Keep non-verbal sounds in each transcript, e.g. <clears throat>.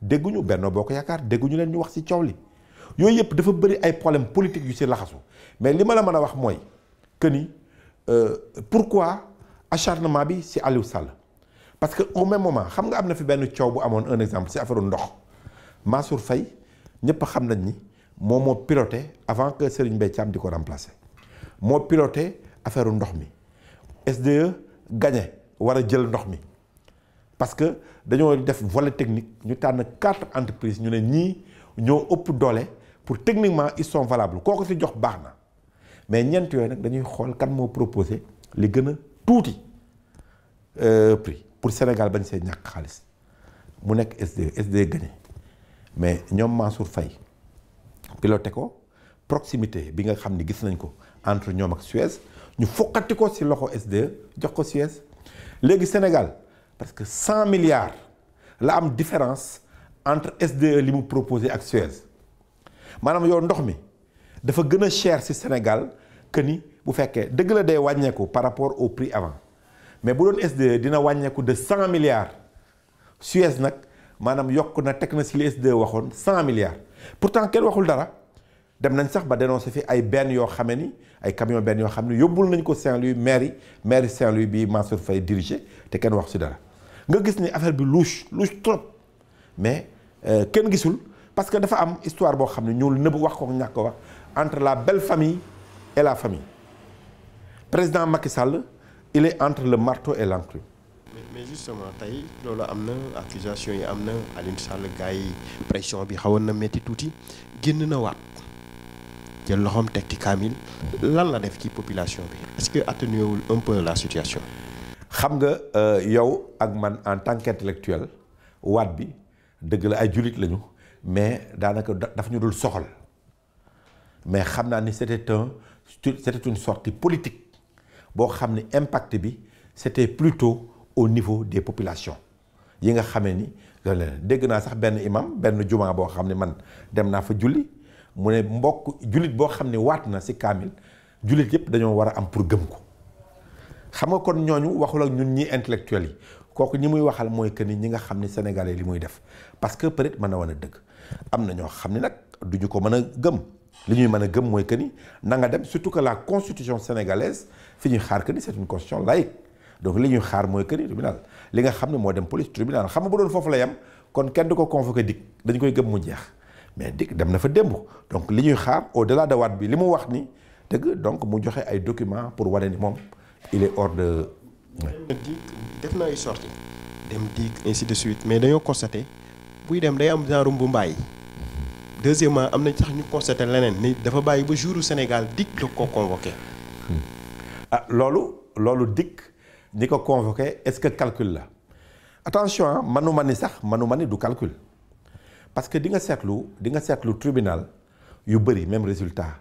dégguñu Benno Bokk Yaakaar dégguñu leen ñu wax ci coow li yooyu yëpp dafa bëri ay problème politique yu ci laxasu mais li ma la mën a wax mooy que ni euh, pourquoi acharnement bi ci Aliou Sall parce que au même moment xam nga am na fi benn coow bu amoon un exemple ci affaireu ndox Mansour fay ñëpp xam nañ ni. moom moo piloté avant que Serigne Mbaye Thiam di ko remplacer moo piloté affaire ndox mi SDE gagné war a jël ndox mi parce que dañoo def volet technique ñu tànn quatre entreprise ñu ne ñii ñoo ëpp doole pour techniquement ils valable koo ko fi jox baax na mais ñeent yooyu nag dañuy xool kan moo proposé li gën a tuuti euh, prix pour Sénégal bañ see ñàkk xaalis mu nekk SDE SDE gagné mais ñoom Mansour Faye piloté ko proximité bi nga xam ni gis nañ ko entre ñoom ak Suez ñu foqati ko ci loxo SDE jox ko Suez léegi Sénégal parce que cent milliards la am différence entre SDE li mu proposé ak Suez maanaam yow ndox mi dafa gën a cher ci Sénégal que ni bu fekkee dëgg la day wàññeeku par rapport au prix avant mais bu doon SDE dina wàññeeku de cent milliards Suez nag maanaam yokk na teg na ci li SDE waxoon cent milliards. pourtant kenn waxul dara dem nañ sax ba dénoncé fi ay benn yoo xame ni ay camion benn yoo xam ne yóbbul nañ ko Saint-Louis mairie mairie Saint-Louis bi Mansour Faye dirigé te kenn wax si dara nga gis ni affaire bi louche louche trop mais euh, kenn gisul parce que dafa am histoire boo xam ne ñuul nëbb wax ko ñàkk ko wax entre la belle famille et la famille président Macky Sall il est entre le marteau et l'enclume mais justement tey loolu am na accusation yi am na Alioune Sall gars pression bi xawoon na métti tuuti génn na waat jël loxoom teg ci kaamil lan la def ci population bi est-ce que atténué wul un la situation. xam nga euh, yow ak man en tant qu'intellectuel waat bi dëgg la ay jullit lañu mais daanaka daf ñu dul soxal mais xam naa ni c'était un c'était une sortie politique boo xam ne impact bi c'était plutôt. au niveau des population yi nga xamee ni loolu dégg naa sax benn imam benn jumaa boo xam ne man dem naa fa julli mu ne mbokk jullit boo xam ne waat na si kaamil jullit yëpp dañoo war a am pour gëm ko xam nga kon ñooñu waxul ak ñun ñii intellectuels yi kooku ñi muy waxal mooy que ni ñi nga xam ni sénégalais li muy def parce que peut-être mën na wan a dëgg am na ñoo xam ne nag duñu ko mën a gëm li ñuy mën a gëm mooy que ni na nga dem surtout que la constitution sénégalaise ñuy xaar que ni c'est une constitution laïque donc li ñuy xaar mooy kër yi tribunal li nga xam ne moo dem police tribunal xam nga bu doon foofu la yam kon kenn du ko convoqué dik dañu koy gëm mu jeex mais dik dem na fa démb donc li ñuy xaar au delà de waat bi li mu wax ni dëgg donc mu joxe ay document pour wane ni moom il est hors de. def na ay sorties dem dik ainsi de suite mais dañoo constaté buy dem day am genre bu mbaay deuxièmement am na sax ñu constaté leneen ni dafa bàyyi ba jour Sénégal dik la ko convoqué. Hmm. ah loolu loolu dik. ni ko convoqué est-ce que calcule la attention manuma ni sax manuma ni du calcul parce que di nga seetlu di nga seetlu tribunal yu bëri même résultat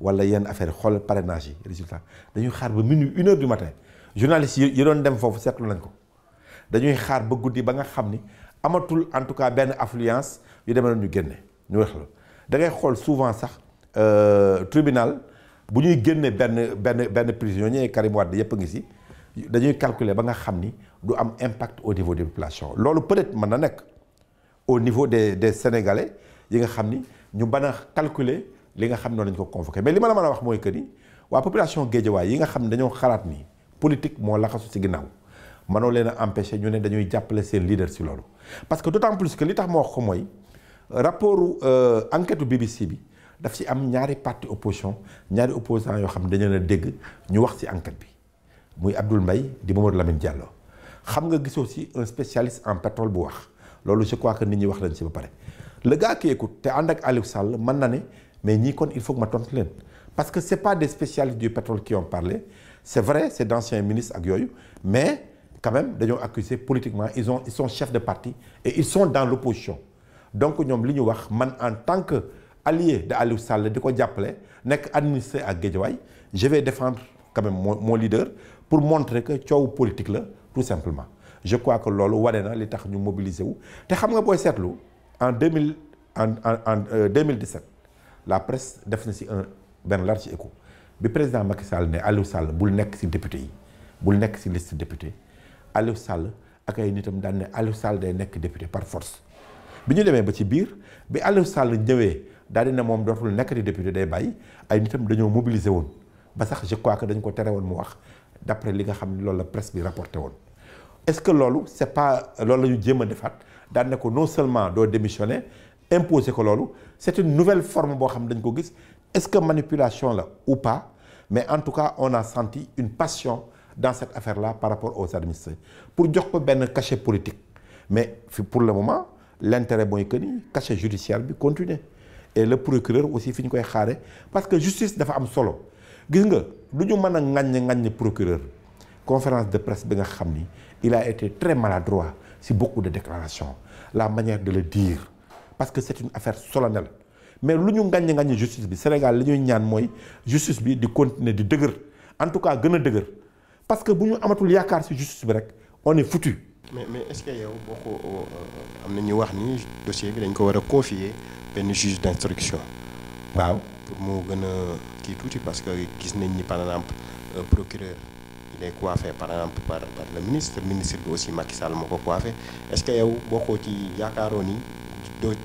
wala yenn affaire xool parrainage yi résultat dañuy xaar ba minuit une heure du matin journaliste yi doon dem foofu seetlu nañ ko dañuy xaar ba guddi ba nga xam ni amatul en tout cas benn affluence yu demee noonu ñu génne ñu wax la da ngay xool souvent sax euh, tribunal bu ñuy génne benn benn benn prisonnier Karim Wade yëpp a ngi si. dañuy calculer ba nga xam ni du am impact au niveau des populations loolu peut-être mën na nekk au niveau des des sénégalais yi nga xam ni ñu ban a calculer li nga xam noonu lañ ko convoqué mais li ma la man a wax mooy que ni waa population Guédiawaye yi nga xam ne dañoo xalaat ni politique moo laxasu ci ginnaaw mënoo leen a empêcher ñu ne dañuy jàppale seen leader ci loolu. parce que d'autant plus que li tax ma wax ko mooy rapportu euh, enquête BBC bi daf ci am ñaari parti opposition ñaari opposants yoo xam dañu leen dégg ñu wax ci enquête bi. muy Abdoul mbay di Mamadou Lamine Diallo xam nga gisoo si un spécialiste en pétrole bu wax loolu je crois que nit ñi wax lañ si ba pare. le gars qui écoute te ànd ak Aliou Sall na ne mais ñii kon il faut que ma tontu leen parce que c' est pas des spécialistes du pétrole qui ont parlé c' est vrai c' est ministres ak yooyu mais quand même dañoo accusé politiquement ils ont ils sont chefs de parti et ils sont dans l' opposition donc ñoom li ñu wax man en tant que allié de Aliou Sall di ko jàppale nekk administré ak Guédiawaye je vais défendre quand même mon pour montrer que coow politique la tout simplement je crois que loolu wane na li tax ñu mobiliser wu te xam nga booy seetlu en deux mille en en en euh, 2017 la presse def na ci un benn large écho bi président Macky Sall ne Aliou Sall bul nekk ci député yi bul nekk ci liste député Aliou Sall ak ay nitam daan ne Aliou Sall day nekk député par force bi ñu demee ba ci biir bi Aliou Sall ñëwee daal di moom dootul nekk di député day bàyyi ay nitam dañoo mobiliser woon ba sax je crois que dañ ko tere woon mu wax. d'après li nga xam ne loolu la presque bi rapporté woon est-ce que loolu c'est pas loolu la ñu jéem defaat daan ne ko non seulement doo démissionner imposer ko loolu c'est une nouvelle forme boo xam dañ ko gis est-ce que manipulation la ou pas mais en tout cas on a senti une passion dans cette affaire-là par rapport aux administrés pour jox ko benn cachet politique mais fi pour le moment l'intérêt mooy que ni cachet judiciaire bi continuer et le procureur aussi fi ñu koy xaare parce que justice dafa am solo gis nga lu ñu mën a ŋaññ ŋaññ procureur conférence de presse bi nga xam ni il a été très maladroit si beaucoup de déclarations la manière de le dire parce que c'est une affaire solennelle mais lu ñu ŋaññ ŋaññ justice bi Sénégal li ñuy ñaan mooy justice bi di continuer di dëgër en tout cas gën a dëgër parce que bu ñu amatul yaakaar si justice bi rek on est foutu. mais mais est-ce que yow boo ko euh, am na ñu wax ni dossier bi dañ ko war a confier benn juge d'instruction. waaw pour mu gën a. kii tuuti parce que gis nañ ni par exemple euh, procureur il est par exemple par par le ministre ministre bi aussi Macky Sall moo ko coiffé est-ce que yow bokkoo ci yaakaaroon ni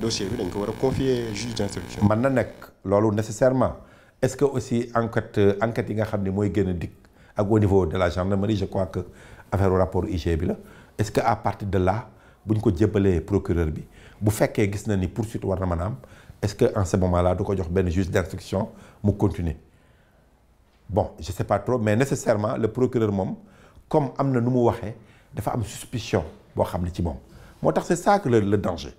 dossier bi dañ ko war a confier juge d'instruction. man na nekk loolu nécessairement est-ce que aussi enquête euh, enquête yi nga xam ne mooy gën a dikk ak au niveau de la gendarmerie je crois que affaire rapport IG bi la est-ce que à partir de là bu ñu ko jébalee procureur bi bu fekkee gis na ni poursuite war na mën a am. est-ce que en ce moment du ko jox benn juge d'instruction mu continuer bon je sais pas trop mais nécessairement le procureur moom comme am na nu mu waxee dafa am suspicion boo xam ne ci moom moo tax c'est ça que le le danger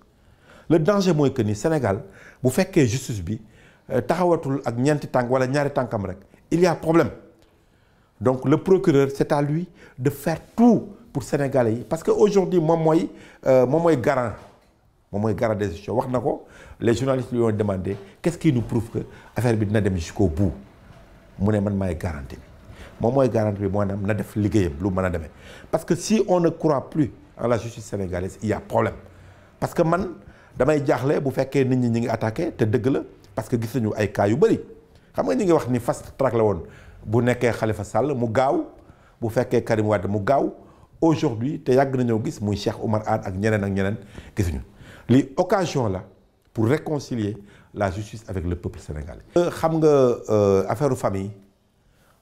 le danger mooy que nii Sénégal bu fekkee justice bi euh, taxawatul ak ñeenti tànk wala ñaari tànkam rek il y problème donc le procureur c'est à lui de faire tout pour Sénégalais yi parce que aujourd'hui moom mooy euh, moom mooy garant moom mooy garde des Sceaux wax na ko le journalistes lui ont demandé qu'est-ce qui nous prouve que affaire bi dina dem ko bout mu ne man maay garantie bi moom mooy garantie bi maanaam na def liggéeyam lu mën a demee parce que si on ne croit plus en la justice sénégalaise il y problème parce que man damay jaaxle bu fekkee nit ñi ñi ngi attaqué te dëgg la parce que gis nañu ay cas yu bëri xam nga ñi ngi wax ni fast track la woon bu nekkee xalifa Sall mu gaaw bu fekkee Karim Wade mu gaaw aujourd'hui te yàgg nañoo gis muy Cheikh Oumar Anne ak ñeneen ak ñeneen gisuñu lii occasion la pour réconcilier la justice avec le peuple sénégalais. Euh, xam nga euh, affaire famille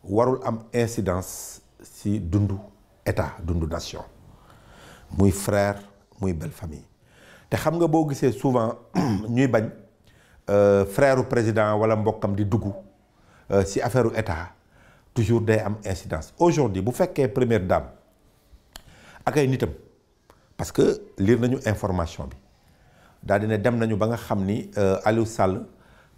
warul am incidence si dundu état dundu nation muy frère muy belle famille te xam nga boo gisee souvent <clears throat> ñuy bañ euh, frère président wala mbokkam di dugg si affaire état toujours day am incidence aujourd'hui bu fekkee première dame ak nitam parce que lire nañu information bi. daal di ne dem nañu ba nga xam ni euh, Aliou Sall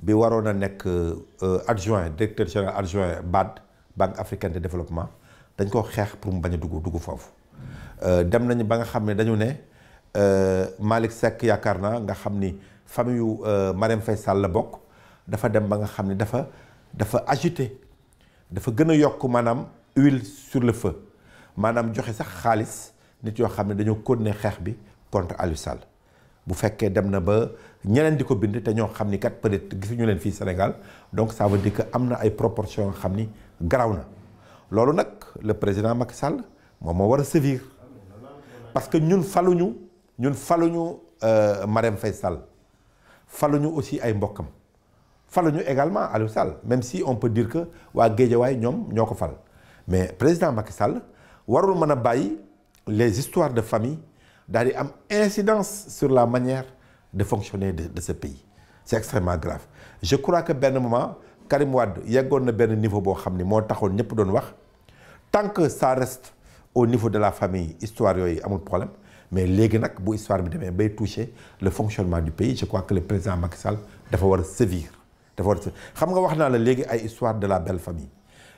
bi waroon a nekk euh, adjoint directeur général adjoint BAD Banque africaine de développement dañ koo xeex pour mu bañ a dugg dugg foofu. Euh, dem nañu ba nga xam ne dañu ne Malick sekk yaakaar naa nga xam ni famille yu Marème Faye Sall la bokk dafa dem ba nga xam ni dafa dafa agité dafa gën a yokk maanaam huile sur le feu maanaam joxe sax xaalis nit yoo xam ne dañoo continuer xeex bi contre Aliou Sall. bu fekkee dem na ba ñeneen di ko bind te ñoo xam ni kat peut-être gisuñu leen fii Sénégal donc ça veut dire am na ay proportions yoo xam ni garaaw na loolu nag le président Macky Sall moom moo war a sévir parce que ñun falu ñu ñun falu ñu faluñu euh, Marème Faye Sall ñu aussi ay mbokkam ñu également Aliou Sall même si on peut dire que waa géeje Guédiawaay ñoom ñoo ko fal mais président Macky Sall warul mën a bàyyi les histoires de famille daal di am incidence sur la manière de fonctionner de, de ce pays c'est extrêmement grave je crois que benn moment Karim Wade yeggoon na benn niveau boo xam ni moo taxoon ñëpp doon wax tant que ça au niveau de la famille histoire yooyu amul problème mais léegi nag bu histoire bi demee bay toucher le fonctionnement du pays je crois que le président Macky Sall dafa war a sévir dafa war a sévir xam nga wax naa la léegi ay histoire de la belle famille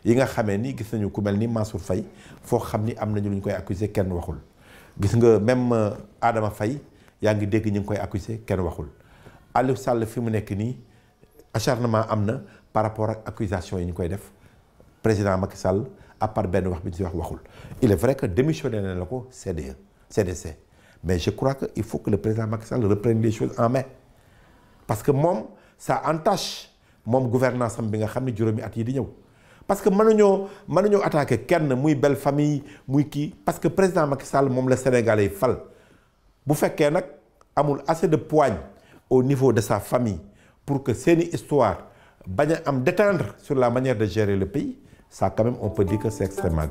yi nga xamee ni gis nañu ku mel ni Mansour Faye foo xam ni am nañu lu ñu koy accuser kenn waxul gis nga même euh, Adama fay yaa ngi dégg ñu ngi koy accusé kenn waxul Aliou Sall fi mu nekk nii acharnement am na par rapport ak accusation yi ñu koy def président Macky Sall à part benn wax bi ñu si wax waxul il est vrai que démissionné na la ko CDE CDC mais je crois que il faut que le président Macky Sall reprenne les choses en main parce que moom ça entache moom gouvernance am bi nga xam ne juróomi at yi di ñëw parce que mënuñoo mënuñoo attaqué kenn muy belle famille muy kii parce que président Macky Sall moom la Sénégalais yi fal bu fekkee nag amul assez de poigne au niveau de sa famille pour que seeni histoire bañ a am déteindre sur la manière de gérer le pays ça quand même on peut dire que c'est extrêmement